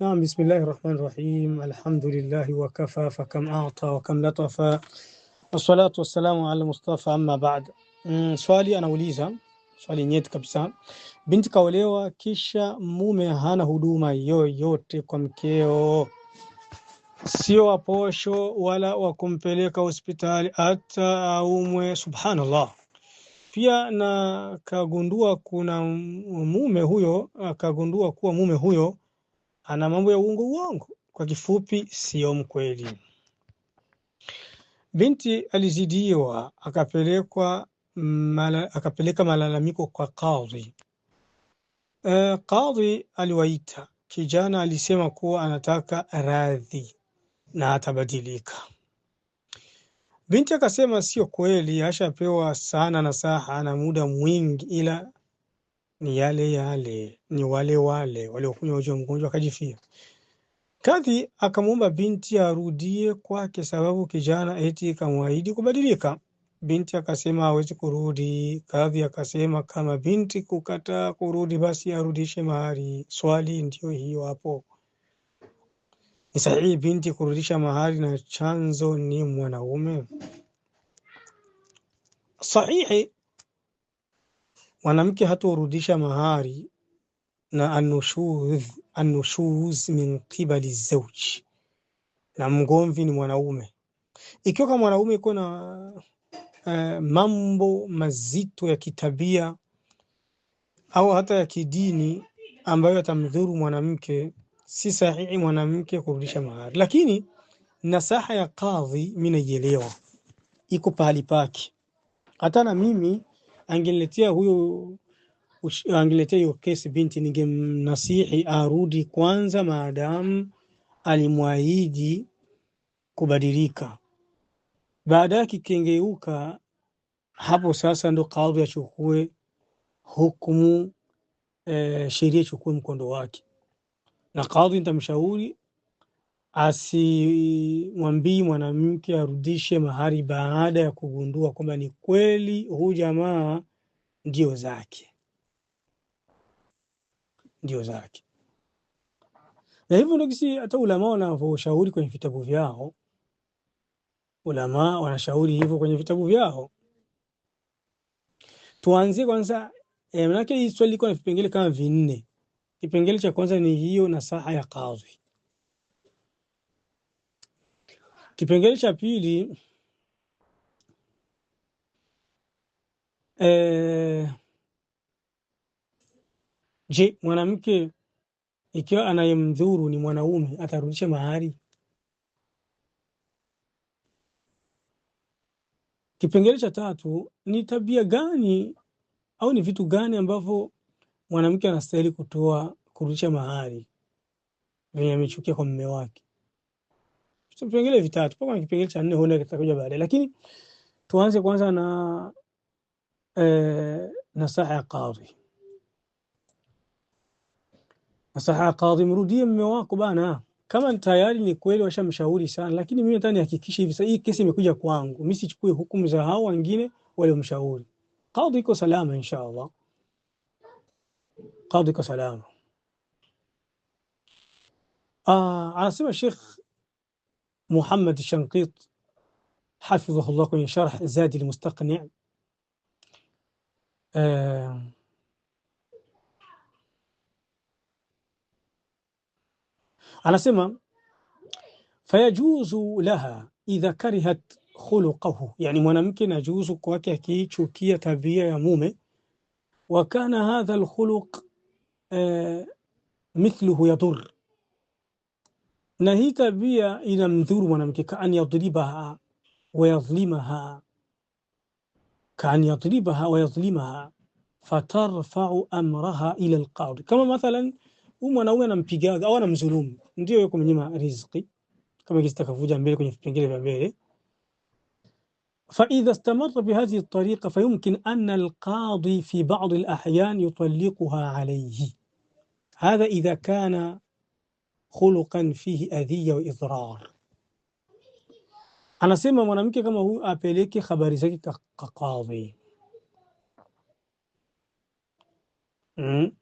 Naam, bismillahi rahmani rahim, alhamdulillahi wakafa fakam ata wakam latafa wassalatu wassalamu ala mustafa amma baad. Mm, swali anauliza swali nyeti kabisa. Binti kaolewa kisha mume hana huduma yoyote kwa mkeo, sio waposho wala wa kumpeleka hospitali hata aumwe. Subhanallah. Pia na kagundua kuna mume huyo akagundua kuwa mume huyo ana mambo ya uongo uongo, kwa kifupi sio mkweli. Binti alizidiwa akapelekwa mala, akapeleka malalamiko kwa kadhi. E, kadhi aliwaita kijana, alisema kuwa anataka radhi na atabadilika. Binti akasema sio kweli, ashapewa sana nasaha na muda mwingi, ila ni yale yale, ni wale wale waliokunywa uji wa mgonjwa akajifia. Kadhi akamwomba binti arudie kwake, sababu kijana eti kamwahidi kubadilika. Binti akasema hawezi kurudi. Kadhi akasema kama binti kukataa kurudi, basi arudishe mahari. Swali ndio hiyo hapo. Ni sahihi binti kurudisha mahari na chanzo ni mwanaume? Sahihi mwanamke hatorudisha mahari na anushuz, anushuz min qibali zauji, na mgomvi ni mwanaume. Ikiwa kama mwanaume iko na uh, mambo mazito ya kitabia au hata ya kidini ambayo atamdhuru mwanamke, si sahihi mwanamke kurudisha mahari. Lakini nasaha ya kadhi mimi naielewa, iko pahali pake. Hata na mimi angeletea huyo angeletea hiyo kesi binti, ningemnasihi arudi kwanza, maadamu alimwahidi kubadilika. Baadaye akikengeuka, hapo sasa ndo kadhi achukue hukumu, e, sheria ichukue mkondo wake, na kadhi nitamshauri asimwambii mwanamke arudishe mahari baada ya kugundua kwamba ni kweli huu jamaa ndio zake, ndio zake. Na hivyo ndio kisi hata ulama wanavyoshauri kwenye vitabu vyao, ulama wanashauri hivyo kwenye vitabu vyao. Tuanzie kwanza eh, manake hii swali liko na vipengele kama vinne. Kipengele cha kwanza ni hiyo nasaha ya kadhi Kipengele cha pili eh, je, mwanamke ikiwa anayemdhuru ni mwanaume atarudisha mahari? Kipengele cha tatu ni tabia gani au ni vitu gani ambavyo mwanamke anastahili kutoa kurudisha mahari vyenye amechukia kwa mume wake? vipengele vitatu mpaka kipengele cha nne huenda kitakuja baadaye, lakini tuanze kwanza na e, nasaha ya kadhi. Nasaha ya kadhi, mrudie mme wako bana, kama tayari ni kweli washamshauri sana, lakini mimi nataka nihakikishe hivi sasa, hii kesi imekuja kwangu, mimi sichukue hukumu za hao wengine waliomshauri. Kadhi iko salama inshaallah, kadhi iko salama. Ah, anasema Sheikh محمد الشنقيط حفظه الله من شرح زاد المستقنع آه، على سمة فيجوز لها إذا كرهت خلقه يعني ممكن أجوز كواكي تشوكية تبية يا مومي وكان هذا الخلق آه، مثله يضر na hii tabia inamdhuru mwanamke, kaan yadhribaha wayadhlimaha, kaan yadhribaha wayadhlimaha, fatarfau amraha ila lqadhi. Kama mathalan huyu mwanaume anampigaga au anamdhulumu, ndio yuko mnyima riziki, kama kisi takavuja mbele kwenye vipengele vya mbele. فإذا استمر بهذه الطريقة فيمكن أن القاضي في بعض الأحيان يطلقها عليه هذا إذا كان khuluqan fihi adhiya wa idrar. Anasema mwanamke kama huyu apeleke habari zake kwa kadhi. Mm.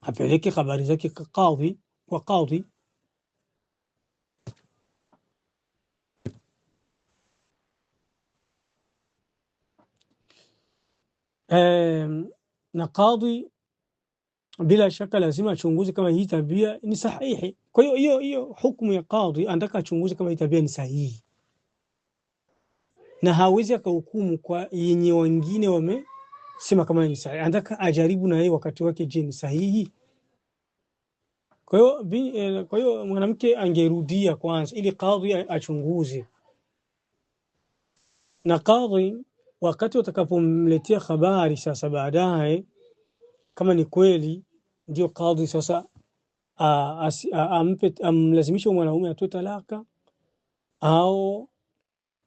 Apeleke habari zake kwa kadhi kwa kadhi na kadhi bila shaka lazima achunguze kama hii tabia ni sahihi. Kwa hiyo hiyo hiyo hukumu ya kadhi anataka achunguze kama hii tabia ni sahihi, na hawezi akahukumu kwa yenye wengine wamesema kama ni sahihi. Anataka ajaribu na yeye wakati wake, je, ni sahihi? Kwa hiyo eh, kwa hiyo mwanamke angerudia kwanza, ili kadhi achunguze, na kadhi wakati watakapomletea habari sasa baadaye kama ni kweli ndio kadhi sasa amlazimishe mwanaume atoe talaka au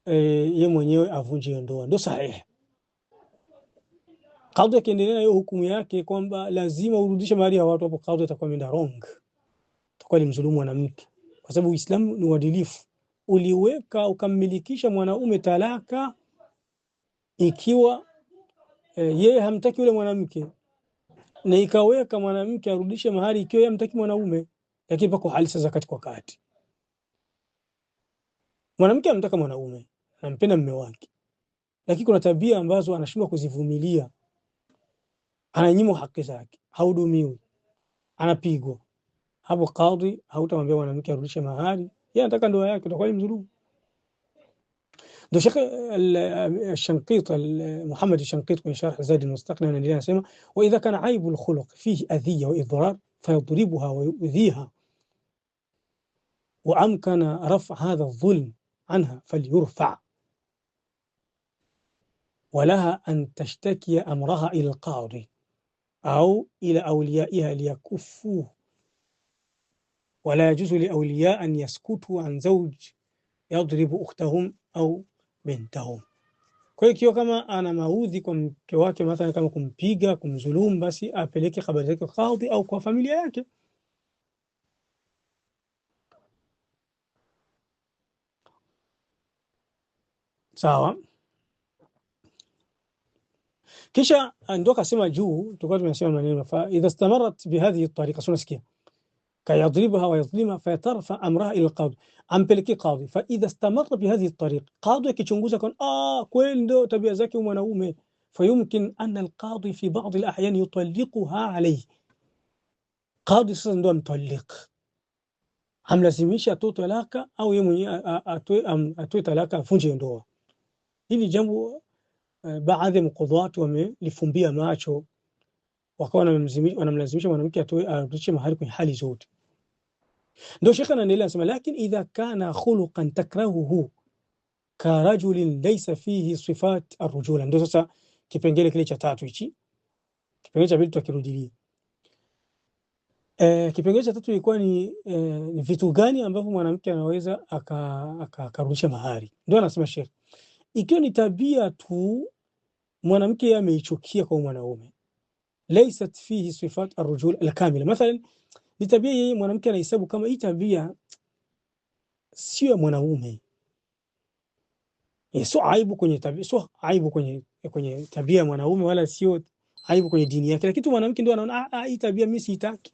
e, ye mwenyewe avunje hiyo ndoa, ndo sahihi. Kadhi akiendelea na hiyo hukumu yake kwamba lazima urudishe mali ya watu, hapo kadhi atakuwa ameenda wrong, atakuwa ni mzulumu mwanamke, kwa sababu Uislamu ni uadilifu. Uliweka ukammilikisha mwanaume talaka ikiwa yeye hamtaki yule mwanamke na ikaweka mwanamke arudishe mahari ikiwa yeye amtaki mwanaume, lakini pako hali sasa kati kwa kati, mwanamke anamtaka mwanaume, anampenda mume wake, lakini kuna tabia ambazo anashindwa kuzivumilia, ananyimwa haki zake, haudumiwi, anapigwa. Hapo kadhi hautamwambia mwanamke arudishe mahari, yeye anataka ndoa yake, utakuwa ni mzulumu. دو شيخ الشنقيط محمد الشنقيط من شرح زاد المستقنع سيما وإذا كان عيب الخلق فيه أذية وإضرار فيضربها ويؤذيها وأمكن رفع هذا الظلم عنها فليرفع ولها أن تشتكي أمرها إلى القاضي أو إلى أوليائها ليكفوه ولا يجوز لأولياء أن يسكتوا عن زوج يضرب أختهم au bintahum. Kwa hiyo ikiwa kama ana maudhi kwa mke wake, mathalan kama kumpiga, kumdhulumu, basi apeleke habari zake kwa kadhi au kwa familia yake. Sawa. Kisha ndio kasema juu, tulikuwa tumesema maneno fa idha istamarat bihadhihi tariqa, sunasikia كيضربها ويظلمها فيترفع امرها الى القاضي ام بلكي قاضي فاذا استمر بهذه الطريق قاضي كيتشونغوزا كون اه كوين دو تبيا زكي فيمكن ان القاضي في بعض الاحيان يطلقها عليه قاضي صندوق مطلق ام لازميش اتو طلاق او يمني اتو ام اتو طلاق فنجي ندو هذه جنب آه، بعض القضاة لفنبيا ماتشو وكون ملزمش وانا ملزمش وانا ممكن وانا آه، ملزمش وانا ملزمش وانا ملزمش Ndio shekhe anaendelea anasema, lakin idha kana khuluqan takrahuhu ka rajulin laysa fihi sifat arrujula. Ndio sasa kipengele kile cha tatu hichi. Kipengele cha pili tutakirudilia. Eh, kipengele cha tatu ilikuwa ni eh, vitu gani ambavyo mwanamke anaweza akarudisha aka, mahari. Ndio anasema shekhe, ikiwa ni tabia tu mwanamke ameichukia kwa mwanaume, laysat fihi sifat arrujula alkamila, mathalan ni tabia yeye mwanamke anahesabu kama hii tabia sio ya mwanaume. E, eh, so aibu kwenye tabia, so aibu kwenye kwenye tabia ya mwanaume, wala sio aibu kwenye dini yake, lakini mwanamke ndio anaona ah, ah, hii tabia mimi siitaki,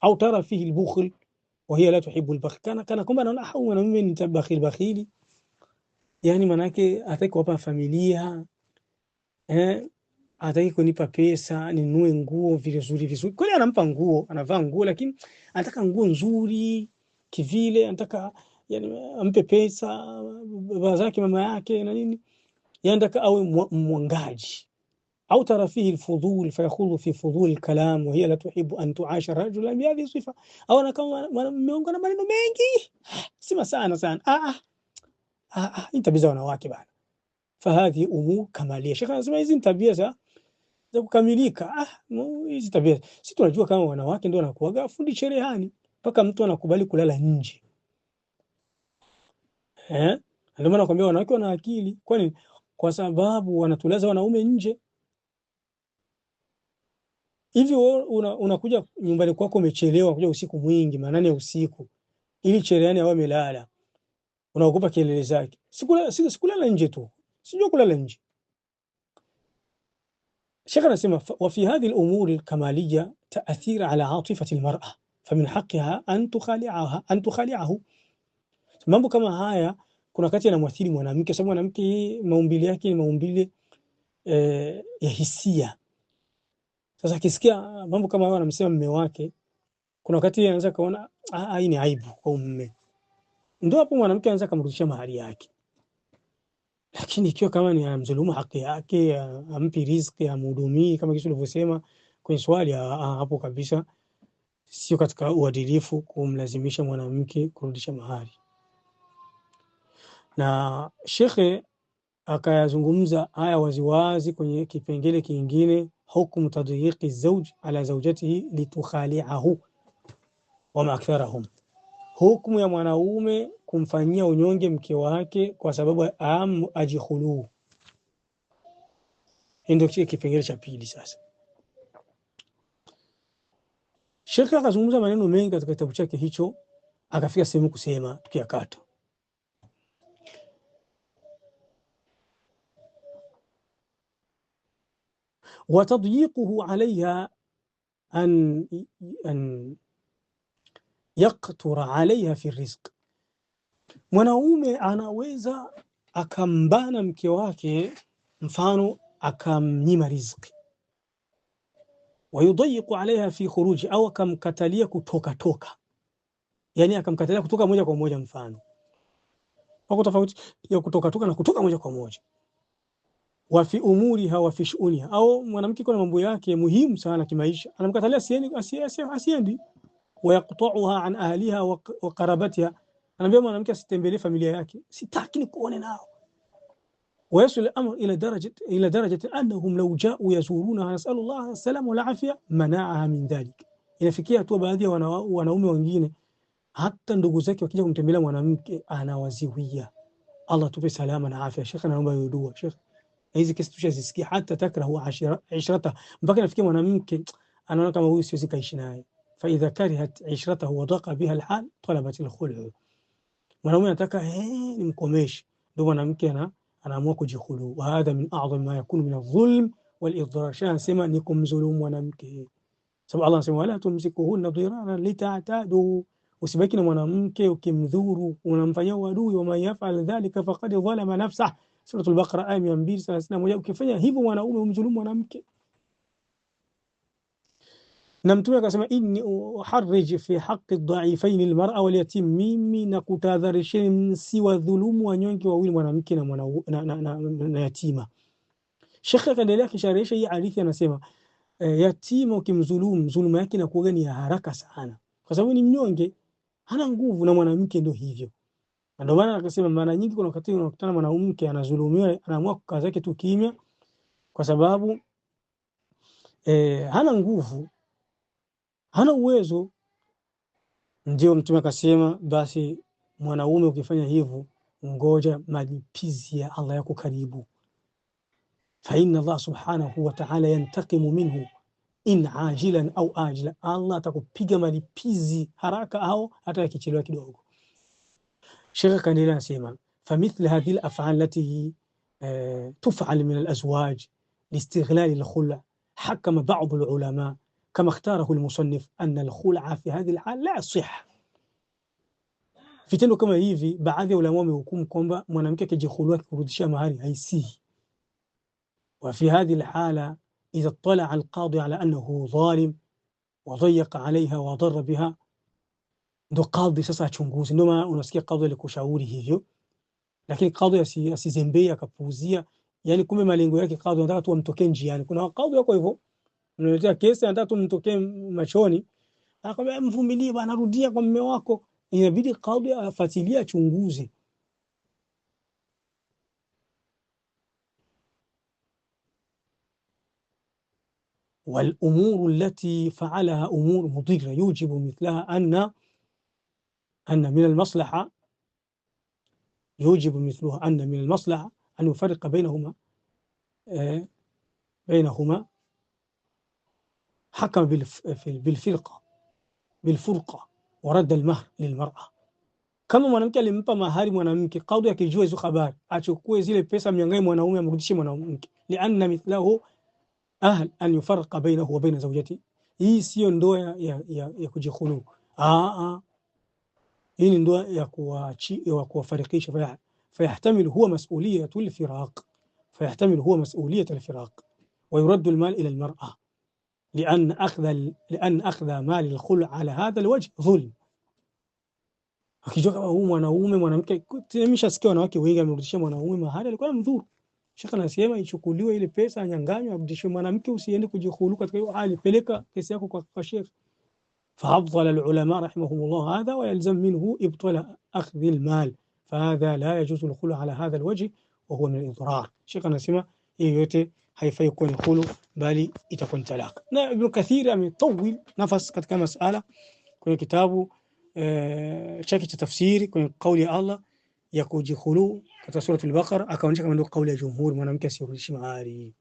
au tara fihi al-bukhl wa hiya la tuhibbu al-bakhl, kana kana kwamba anaona ah, mwanamume ni tabakhil bakhili, yani manake hataki kuwapa familia eh hataki kunipa pesa ninue nguo vile zuri vizuri. Kweli anampa nguo, anavaa nguo, lakini anataka nguo nzuri kivile, anataka yani ampe pesa baba zake mama yake na nini, yanataka awe mwangaji au tarafihi lfudhul fayakhudhu fi fudhuli lkalam wahiya la tuhibu an tuasha rajula bihadhihi sifa, au anakaa mume wangu na maneno mengi sima sana sana, ah ah ah, ah. tabia za wanawake bana. Fahadhihi umu kamalia. Shekh anasema hizi tabia za za kukamilika. Ah, hizi tabia si tunajua kama wanawake ndio wanakuaga fundi cherehani mpaka mtu anakubali kulala nje eh? Ndio maana nakwambia wanawake wana akili. Kwani kwa sababu wanatuleza wanaume nje hivi. Wewe unakuja una nyumbani kwako umechelewa kuja usiku mwingi, manane usiku, ili cherehani awe amelala, unaogopa kelele zake. Sikulala siku, siku nje tu, sijua kulala nje Sheikh anasema wa fi hadhihi al-umuri al-kamaliya ta'thir ala atifati al-mar'a famin haqqiha an tukhali'aha an tukhali'ahu. Mambo kama haya kuna wakati yanamwathiri mwanamke, sababu mwanamke maumbile yake ni maumbile eh, ya hisia. Sasa akisikia mambo kama hayo anamsema mume wake, kuna wakati anaweza kaona hii ni aibu kwa mume, ndio hapo mwanamke anaweza kumrudishia mahari yake. Lakini ikiwa kama ni amdhulumu haki yake, ampi riziki, amhudumii kama kisha ulivyosema kwenye swali, hapo kabisa sio katika uadilifu kumlazimisha mwanamke kurudisha mahari. Na shekhe akayazungumza haya waziwazi kwenye kipengele kingine, hukmu tadyiqi zauj ala zaujatihi litukhaliahu wama aktharahum hukumu ya mwanaume kumfanyia unyonge mke wake kwa sababu am ajihulu. Ndio kipengele cha pili. Sasa Sheikh akazungumza maneno mengi katika kitabu chake hicho, akafika sehemu kusema tukiyakata watadyiquhu alaiha an, an yaktura alaiha fi rizq, mwanaume anaweza akambana mke wake, mfano akamnyima riziki. Wayudayiqu alaiha fi khuruji, au akamkatalia kutoka toka, yani akamkatalia kutoka moja kwa moja. Mfano wako tofauti ya kutoka toka na kutoka moja kwa moja. Wa fi umuri hawa fi shuuni, au mwanamke kuna mambo yake muhimu sana kimaisha, anamkatalia asiendi ويقطعها عن أهلها وقرابتها أنا بيوم أنا ممكن استنبلي فاميليا ياكي ستاكني كوني ناو ويصل الأمر إلى درجة إلى درجة أنهم لو جاءوا يزورونها نسأل الله السلام والعافية منعها من ذلك إن فكية توبة هذه وأنا وأنا أمي ونجينة حتى ندوكو زكي وكي جاكم تنبلي أنا وزيوية الله توفي سلامة عافية شيخ أنا أمي يدوى شيخ إذا كنت تشاهد حتى تكره عشرته بقى نفكي وأنا أنا كما هو يسوي فإذا كرهت عشرته وضاق بها الحال طلبت الخلع مرمو نتاكا هين مكوميش دوما نمكينا أنا موكو جيخلو وهذا من أعظم ما يكون من الظلم والإضرار شان سما نكم ظلم ونمكي سبع الله سما لا تمسكوهن ضرارا لتعتادوا وسبكنا ونمكي وكمذورو ونمفيا ودو وما يفعل ذلك فقد ظلم نفسه سورة البقرة آية من بير سنة سنة مجاب كيفية هبو ونأولهم ظلم ونمكي na Mtume akasema inni uharriji fi haqqi dhaifaini almar'a wal yatim, mimi na kutahadharisheni msiwadhulumu wanyonge wawili, mwanamke na, mwana, na, na, na, na yatima. Sheikh akaendelea akisharisha hii hadithi anasema e, yatima ukimdhulumu, dhuluma yake inakuwa ni ya haraka sana, kwa sababu ni mnyonge, hana nguvu, na mwanamke ndio hivyo. Ndio maana akasema mara nyingi kuna wakati unakutana mwanamke anadhulumiwa, anaamua kukaa zake tu kimya, kwa sababu e, hana nguvu hana uwezo. Ndio Mtume akasema, basi mwanaume ukifanya hivyo, ngoja malipizi ya Allah yako karibu, fa inna Allah subhanahu wa ta'ala yantakimu minhu in ajilan au ajila, Allah atakupiga malipizi haraka au hata yakichelewa kidogo. Sheikh Kandila anasema famithli hadhihi al-af'al allati tuf'al min al-azwaj li istighlal al-khula hakama ba'd al-ulama كما اختاره المصنف أن الkhul'a في hadhihi alhal la yasih. Vitendo kama hivi, baadhi ya ulama wamehukumu kwamba mwanamke akijikhulua akirudishia mahari haisihi. Wa fi hadhihi alhala idha ittala'a alqadi ala annahu dhalim wa dhayyaqa 'alayha wa darra biha, ndo kadhi sasa achunguze. Ndio maana unasikia kadhi alikushauri hivyo, lakini kadhi asizembee akapuuzia. Yani kumbe malengo yake kadhi anataka tu amtokee njiani. Kuna kadhi wako hivyo Unaletea kesi anataka tumtokee machoni. Akamwambia mvumilie bwana, rudia kwa mume wako. Inabidi kadhi afuatilie achunguze. والأمور التي فعلها أمور مضرة يوجب مثلها أن أن من المصلحة يوجب مثلها أن من المصلحة أن يفرق بينهما بينهما حكم بالفرقة بالفرقة ورد المهر للمرأة كما ما نمكي اللي مبا مهاري ما نمكي قاضي يكي جوزو خبار عشو كوي زيلي بيسا ميانغي ما نومي مردشي ما نمكي لأن مثله أهل أن يفرق بينه وبين زوجتي هي سيون دو يا يا يا يا كوجي خلو آه آه إن دو يا كوا شيء يا كوا فرقيش فيع فيحتمل هو مسؤولية الفراق فيحتمل هو مسؤولية الفراق ويرد المال إلى المرأة لأن أخذ لأن أخذ mali الخلع على hadha alwajh dhulm. Akijua huu mwanaume mwanamke, nimeshasikia wanawake wengi amerudishia mwanaume mahari, alikuwa mdhuru. Shekhe anasema ichukuliwe ile pesa, anyanganywe, arudishwe mwanamke, usiende kujihulu katika hiyo hali, peleka kesi yako kwa, kwa shekhe. فأفضل العلماء رحمهم الله هذا ويلزم منه إبطال أخذ المال فهذا لا يجوز الخلع على هذا الوجه وهو من الإضرار شيخنا سمع يوتي haifai kuwa ni hulu bali itakuwa ni talaka. Na Ibn Kathir ametawil nafasi katika masala kwenye kitabu e, chake cha tafsiri kwenye kauli ya Allah ya kujihulu katika sura al-Baqara, akaonyesha kama ndio kauli ya jumhuri, mwanamke asirudishi mahari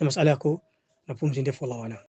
na masala yako na pumzi ndefu. Wallahu a'lam.